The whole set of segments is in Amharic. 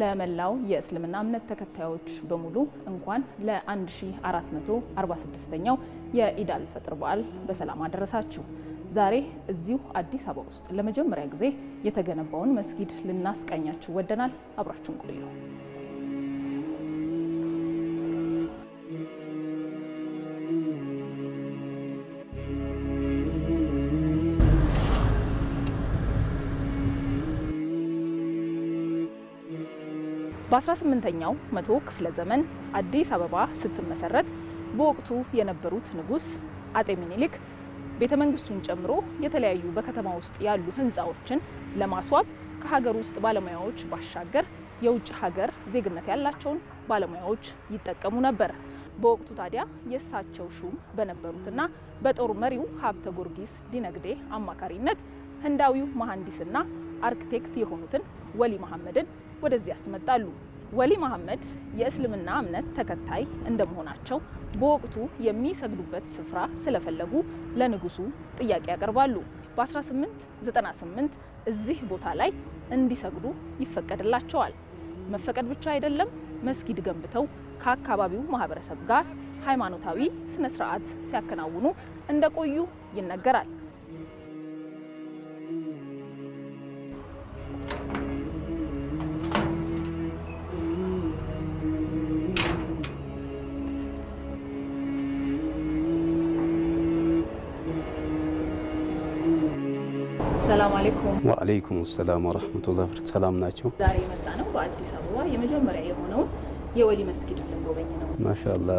ለመላው የእስልምና እምነት ተከታዮች በሙሉ እንኳን ለ1446ኛው የኢዳል ፈጥር በዓል በሰላም አደረሳችሁ። ዛሬ እዚሁ አዲስ አበባ ውስጥ ለመጀመሪያ ጊዜ የተገነባውን መስጊድ ልናስቃኛችሁ ወደናል። አብራችሁን ቆዩ። በ18ኛው መቶ ክፍለ ዘመን አዲስ አበባ ስትመሰረት በወቅቱ የነበሩት ንጉሥ አጤ ሚኒሊክ ቤተ መንግስቱን ጨምሮ የተለያዩ በከተማ ውስጥ ያሉ ህንፃዎችን ለማስዋብ ከሀገር ውስጥ ባለሙያዎች ባሻገር የውጭ ሀገር ዜግነት ያላቸውን ባለሙያዎች ይጠቀሙ ነበር። በወቅቱ ታዲያ የእሳቸው ሹም በነበሩትና በጦር መሪው ሀብተ ጊዮርጊስ ዲነግዴ አማካሪነት ህንዳዊው መሐንዲስና አርክቴክት የሆኑትን ወሊ መሐመድን ወደዚህ ያስመጣሉ። ወሊ መሐመድ የእስልምና እምነት ተከታይ እንደመሆናቸው በወቅቱ የሚሰግዱበት ስፍራ ስለፈለጉ ለንጉሱ ጥያቄ ያቀርባሉ። በ1898 እዚህ ቦታ ላይ እንዲሰግዱ ይፈቀድላቸዋል። መፈቀድ ብቻ አይደለም፣ መስጊድ ገንብተው ከአካባቢው ማህበረሰብ ጋር ሃይማኖታዊ ስነ ስርዓት ሲያከናውኑ እንደቆዩ ይነገራል። ሰላም አለይኩም። ወአለይኩም ሰላም ወረህመቱላሂ ወበረካቱህ። ሰላም ናቸው። ዛሬ የመጣ ነው በአዲስ አበባ የመጀመሪያ የሆነው የወሊ መስጊድ ልንጎበኝ ነው። ማሻአላ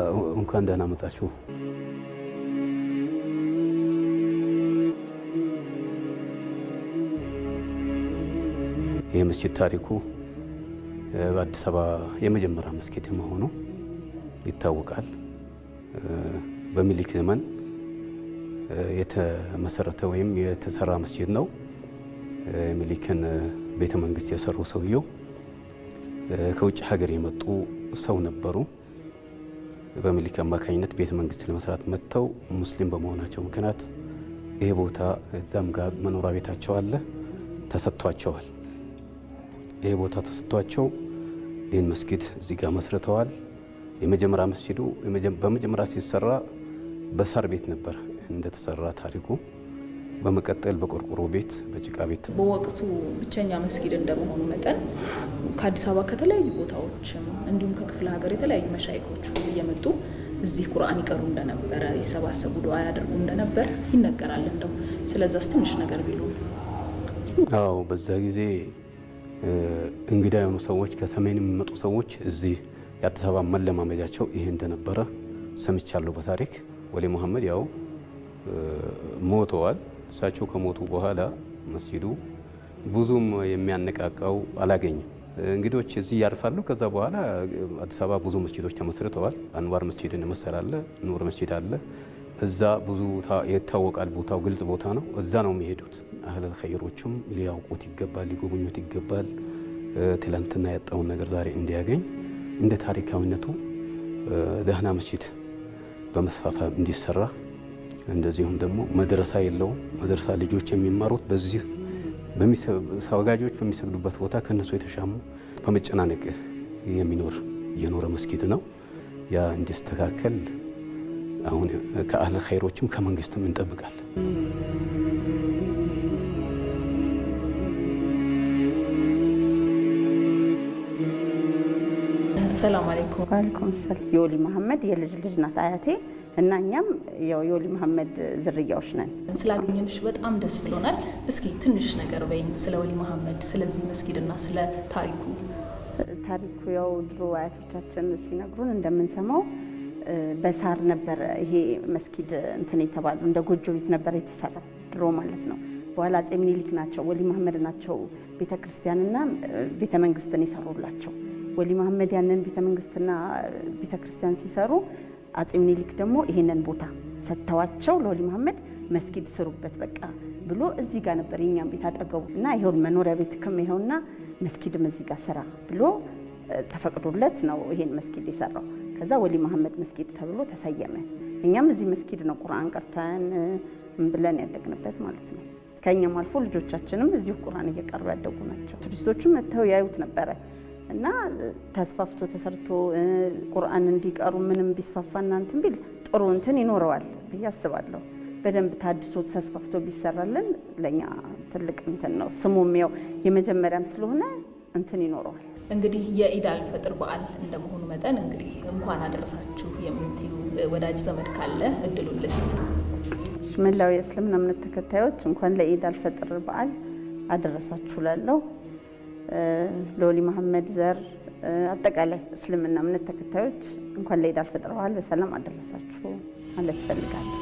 እንኳን ደህና መጣችሁ። ይህ መስጊድ ታሪኩ በአዲስ አበባ የመጀመሪያ መስጊድ መሆኑ ይታወቃል። በሚሊክ ዘመን የተመሰረተ ወይም የተሰራ መስጂድ ነው። ሚሊክን ቤተ መንግስት የሰሩ ሰውየው ከውጭ ሀገር የመጡ ሰው ነበሩ። በሚሊክ አማካኝነት ቤተ መንግስት ለመስራት መጥተው ሙስሊም በመሆናቸው ምክንያት ይሄ ቦታ እዛም ጋር መኖሪያ ቤታቸው አለ ተሰጥቷቸዋል። ይሄ ቦታ ተሰጥቷቸው ይህን መስጊድ እዚህ ጋር መስርተዋል። የመጀመሪያ መስጂዱ በመጀመሪያ ሲሰራ በሳር ቤት ነበር። እንደተሰራ ታሪኩ በመቀጠል በቆርቆሮ ቤት በጭቃ ቤት በወቅቱ ብቸኛ መስጊድ እንደመሆኑ መጠን ከአዲስ አበባ ከተለያዩ ቦታዎችም እንዲሁም ከክፍለ ሀገር የተለያዩ መሻይኮች እየመጡ እዚህ ቁርአን ይቀሩ እንደነበረ ይሰባሰቡ፣ ዱዓ ያደርጉ እንደነበር ይነገራል። እንደው ስለዛስ ትንሽ ነገር ቢሉ። አዎ በዛ ጊዜ እንግዳ የሆኑ ሰዎች ከሰሜን የሚመጡ ሰዎች እዚህ የአዲስ አበባ መለማመጃቸው ይሄ እንደነበረ ሰምቻለሁ በታሪክ ወሌ መሐመድ ያው ሞተዋል። እሳቸው ከሞቱ በኋላ መስጂዱ ብዙም የሚያነቃቃው አላገኘም። እንግዶች እዚህ ያርፋሉ። ከዛ በኋላ አዲስ አበባ ብዙ መስጂዶች ተመስርተዋል። አንዋር መስጂድን መሰል አለ፣ ኑር መስጂድ አለ። እዛ ብዙ ይታወቃል። ቦታው ግልጽ ቦታ ነው። እዛ ነው የሚሄዱት። አህለል ኸይሮቹም ሊያውቁት ይገባል፣ ሊጎበኙት ይገባል። ትላንትና ያጣውን ነገር ዛሬ እንዲያገኝ እንደ ታሪካዊነቱ ደህና መስጂድ በመስፋፋ እንዲሰራ እንደዚሁም ደግሞ መድረሳ የለውም። መድረሳ ልጆች የሚማሩት በዚህ ሰጋጆች በሚሰግዱበት ቦታ ከእነሱ የተሻሙ በመጨናነቅ የሚኖር የኖረ መስጊድ ነው። ያ እንዲስተካከል አሁን ከአህለ ኸይሮችም ከመንግስትም እንጠብቃል። ሰላም አለይኩም። ዋለይኩም ሰላም። የወሊ መሐመድ የልጅ ልጅ ናት አያቴ እና እኛም የወሊ መሐመድ ዝርያዎች ነን። ስላገኘንሽ በጣም ደስ ብሎናል። እስኪ ትንሽ ነገር በይን ስለ ወሊ መሐመድ፣ ስለዚህ መስጊድና ስለ ታሪኩ። ታሪኩ ያው ድሮ አያቶቻችን ሲነግሩን እንደምንሰማው በሳር ነበረ ይሄ መስጊድ እንትን የተባሉ እንደ ጎጆ ቤት ነበረ የተሰራው ድሮ ማለት ነው። በኋላ አፄ ሚኒሊክ ናቸው ወሊ መሐመድ ናቸው ቤተ ክርስቲያንና ቤተ መንግስትን የሰሩላቸው። ወሊ መሐመድ ያንን ቤተ መንግስትና ቤተ ክርስቲያን ሲሰሩ አጼ ምኒልክ ደግሞ ይሄንን ቦታ ሰጥተዋቸው ለወሊ መሐመድ መስጊድ ስሩበት በቃ ብሎ እዚህ ጋር ነበር የኛም ቤት አጠገቡ እና ይሄውን መኖሪያ ቤት ክም ይሄውና መስጊድም እዚህ ጋር ስራ ብሎ ተፈቅዶለት ነው ይሄን መስጊድ የሰራው። ከዛ ወሊ መሐመድ መስጊድ ተብሎ ተሰየመ። እኛም እዚህ መስጊድ ነው ቁርአን ቀርተን ብለን ያደግንበት ማለት ነው። ከእኛም አልፎ ልጆቻችንም እዚሁ ቁርአን እየቀሩ ያደጉ ናቸው። ቱሪስቶቹም መጥተው ያዩት ነበረ። እና ተስፋፍቶ ተሰርቶ ቁርአን እንዲቀሩ ምንም ቢስፋፋ እናንትን ቢል ጥሩ እንትን ይኖረዋል ብዬ አስባለሁ። በደንብ ታድሶ ተስፋፍቶ ቢሰራልን ለእኛ ትልቅ እንትን ነው። ስሙም ያው የመጀመሪያም ስለሆነ እንትን ይኖረዋል። እንግዲህ የኢድ ፈጥር በዓል እንደመሆኑ መጠን እንግዲህ እንኳን አደረሳችሁ የምትዩ ወዳጅ ዘመድ ካለ እድሉን ልስጥ። መላው የእስልምና እምነት ተከታዮች እንኳን ለኢድ ፈጥር በዓል አደረሳችሁ ላለው ሎሊ መሐመድ ዘር አጠቃላይ እስልምና እምነት ተከታዮች እንኳን ለኢድ አል በዓል በሰላም አደረሳችሁ ማለት እፈልጋለሁ።